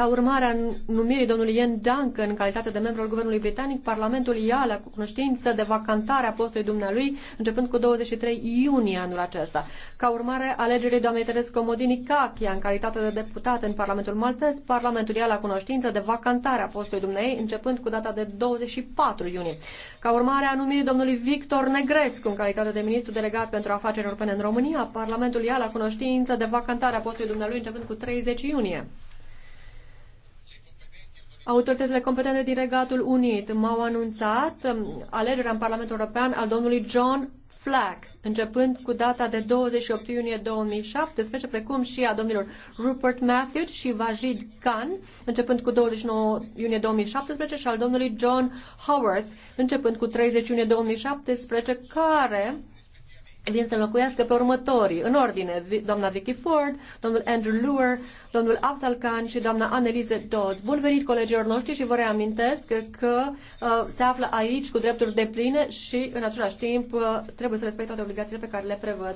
Ca urmare a numirii domnului Ian Duncan în calitate de membru al Guvernului Britanic, Parlamentul ia la cunoștință de vacantarea postului dumnealui începând cu 23 iunie anul acesta. Ca urmare a alegerii doamnei Terescu Comodini Cachia în calitate de deputat în Parlamentul Maltez, Parlamentul ia la cunoștință de vacantarea postului dumnealui începând cu data de 24 iunie. Ca urmare a numirii domnului Victor Negrescu în calitate de ministru delegat pentru afaceri europene în România, Parlamentul ia la cunoștință de vacantarea postului dumnealui începând cu 30 iunie. Autoritățile competente din Regatul Unit m-au anunțat um, alegerea în Parlamentul European al domnului John Flack, începând cu data de 28 iunie 2017, precum și a domnilor Rupert Matthews și Vajid Khan, începând cu 29 iunie 2017, și al domnului John Howard, începând cu 30 iunie 2017, care vin să locuiască pe următorii, în ordine, doamna Vicky Ford, domnul Andrew Luer, domnul Afzal Khan și doamna Anneliese Dodds. Bun venit colegilor noștri și vă reamintesc că uh, se află aici cu drepturi de pline și în același timp uh, trebuie să respecte toate obligațiile pe care le prevăd